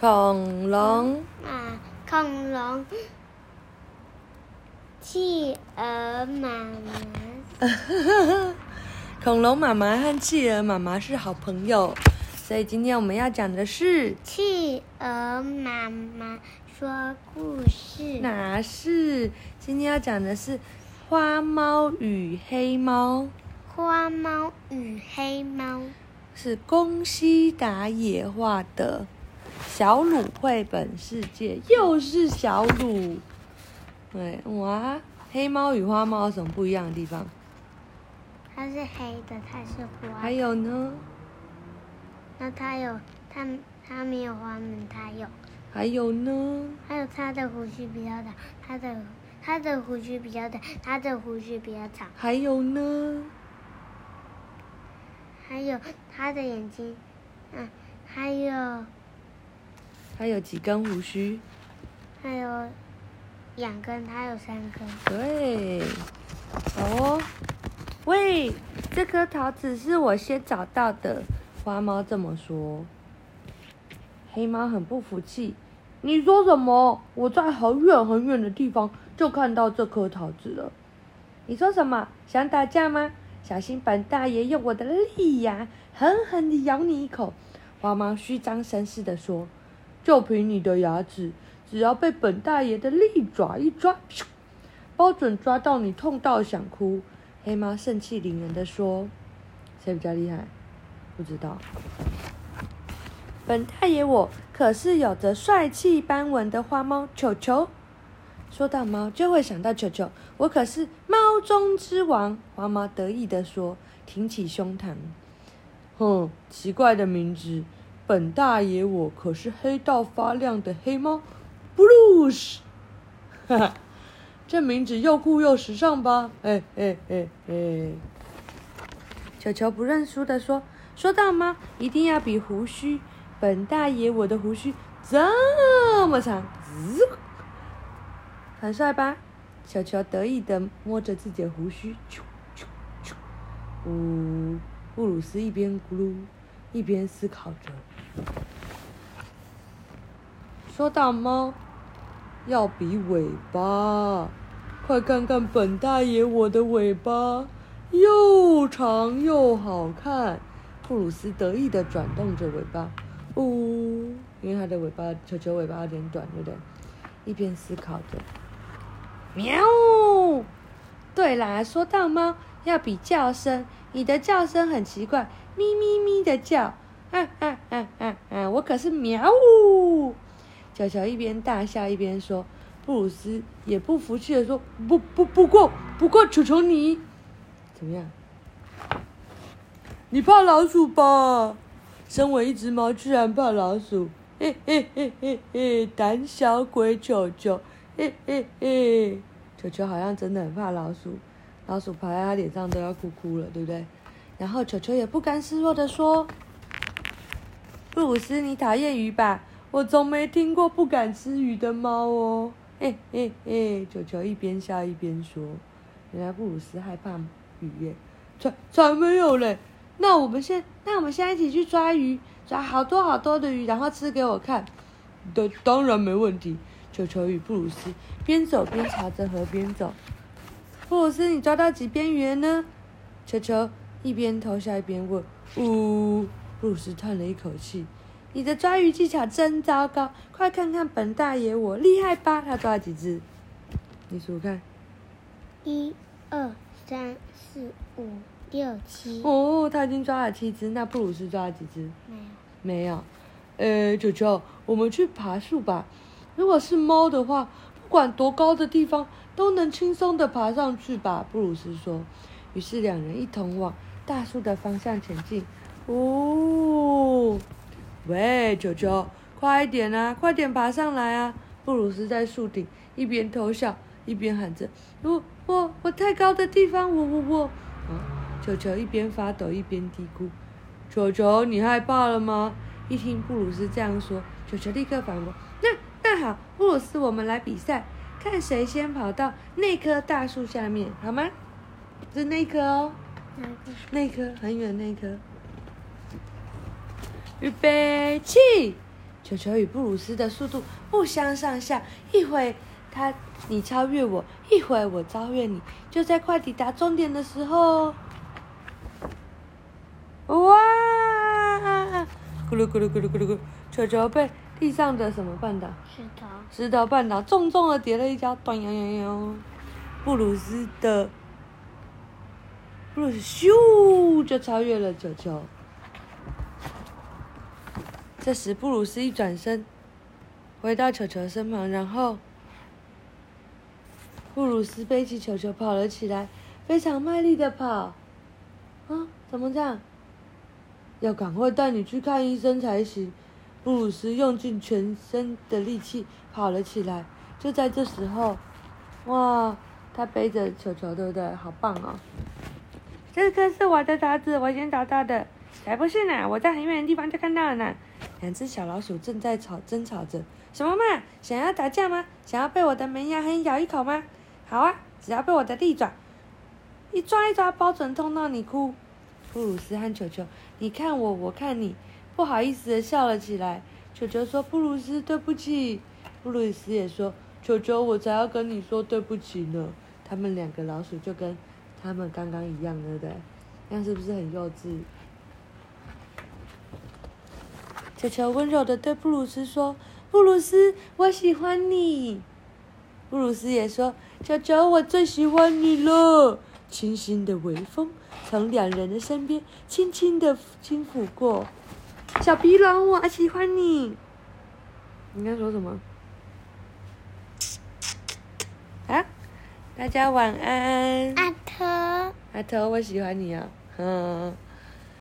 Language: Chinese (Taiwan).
恐龍恐、啊，恐龍，企鵝媽媽。恐龍媽媽和企鵝媽媽是好朋友，所以今天我們要講的是企鵝媽媽說故事。哪是？今天要講的是花貓與黑貓。花貓與黑貓是宮西達也畫的。小魯繪本世界，又是小魯。對，哇，黑貓與花貓有什麼不一樣的地方？它是黑的，它是花。還有呢？那它有，它它沒有花它有。還有呢？還有它的鬍鬚比較長，它的它的鬍鬚比較短，它的鬍鬚比較長。較長，還有呢？還有它的眼睛，嗯，還有。它有幾根鬍鬚？還有兩根，它有三根。對，哦，喂，這顆桃子是我先找到的。花貓這麼說，黑貓很不服氣。你說什麼？我在很遠很遠的地方就看到這顆桃子了。你說什麼？想打架嗎？小心本大爺用我的利牙狠狠的咬你一口！花貓虛張聲勢的說。就憑你的牙齒，只要被本大爺的利爪一抓，包準抓到你痛到想哭。黑貓盛氣凌人的說：“誰比較厲害？不知道。本大爺我可是有着帥氣斑紋的花貓球球。說到貓，就會想到球球。我可是貓中之王。”花貓得意的說，挺起胸膛。哼，奇怪的名字。本大爺我可是黑到發亮的黑貓，布魯斯，哈哈，這名字又酷又時尚吧？哎哎哎哎！小、哎哎、喬，喬不認輸的說：“說到嗎？一定要比鬍鬚！本大爺我的鬍鬚這麼長，很帥吧？”小喬，喬得意的摸着自己的鬍鬚，啾啾啾。嗚布魯斯一邊咕嚕，一邊思考着。說到貓，要比尾巴，快看看本大爺我的尾巴又長又好看！布魯斯得意地轉動着尾巴，哦，因為他的尾巴，球球尾巴有點短，有點，一邊思考着，喵！對啦，說到貓，要比叫聲，你的叫聲很奇怪，咪咪咪的叫，啊啊啊啊啊，我可是喵嗚。球球一邊大笑一邊說，布魯斯也不服氣的說：“不不，不過不過，球球你怎麼樣？你怕老鼠吧？身為一隻貓，居然怕老鼠！嘿嘿嘿嘿嘿，膽小鬼球球！嘿嘿嘿，球球好像真的很怕老鼠，老鼠爬在他臉上都要哭哭了，對不對？然後球球也不甘示弱的說：布魯斯，你討厭魚吧？”我從沒聽過不敢吃魚的貓哦！哎哎哎，球球一邊笑一邊說：“原來布魯斯害怕魚耶！”“才才沒有嘞！”“那我們先……那我們先一起去抓魚，抓好多好多的魚，然後吃給我看。”“當當然沒問題。”球球與布魯斯邊走邊朝着河邊走。“布魯斯，你抓到幾邊魚呢？”球球一邊偷笑一邊問。呃“嗚……”布魯斯嘆了一口氣。你的抓魚技巧真糟糕！快看看本大爺我厲害吧！他抓了幾只？你數看，一、二、三、四、五、六、七。哦，他已經抓了七只。那布魯斯抓了幾只？沒有。沒有。呃，球球，我們去爬樹吧。如果是貓的話，不管多高的地方都能輕鬆的爬上去吧？布魯斯說。於是兩人一同往大樹的方向前進。哦。喂，球球，快一點啊，快點爬上來啊！布魯斯在樹頂一邊偷笑一邊喊着：“哦、我我我太高的地方，我我我。呃”球球一邊發抖一邊嘀咕：“球球，你害怕了嗎？”一聽布魯斯這樣說，球球立刻反駁：“那那好，布魯斯，我們來比賽，看誰先跑到那棵大樹下面，好嗎？是那棵哦，那棵？那棵很遠那棵。”預備起！球球與布魯斯的速度不相上下，一會他你超越我，一會我超越你。就在快抵達終點的時候，哇！咕嚕咕嚕咕嚕咕嚕咕！球球被地上的什麼絆倒？石頭。石頭絆倒，重重的跌了一跤。咚！布魯斯的布魯斯咻就超越了球球。這時，布魯斯一轉身，回到球球身旁，然後布魯斯背起球球跑了起來，非常賣力的跑。啊，怎麼這樣？要趕快帶你去看醫生才行！布魯斯用盡全身的力氣跑了起來。就在這時候，哇，他背着球球，對不對？好棒哦！這個是我的桃子，我先找到的。才不是呢，我在很遠的地方就看到了呢。兩只小老鼠正在吵爭吵着，什麼嘛，想要打架嗎？想要被我的門牙狠咬一口嗎？好啊，只要被我的利爪一抓一抓，包準痛到你哭。布魯斯和球球，你看我，我看你，不好意思的笑了起來。球球說：“布魯斯，對不起。”布魯斯也說：“球球，我才要跟你說對不起呢。”他們兩個老鼠就跟他們剛剛一樣了的，那樣是不是很幼稚？喬喬溫柔的對布魯斯說：“布魯斯，我喜歡你。”布魯斯也說：“小喬，我最喜歡你了。”清新的微風從兩人的身邊輕輕的輕拂過。小皮龍，我喜歡你。你剛說什麼？啊？大家晚安。阿頭。阿頭，我喜歡你嗯、啊。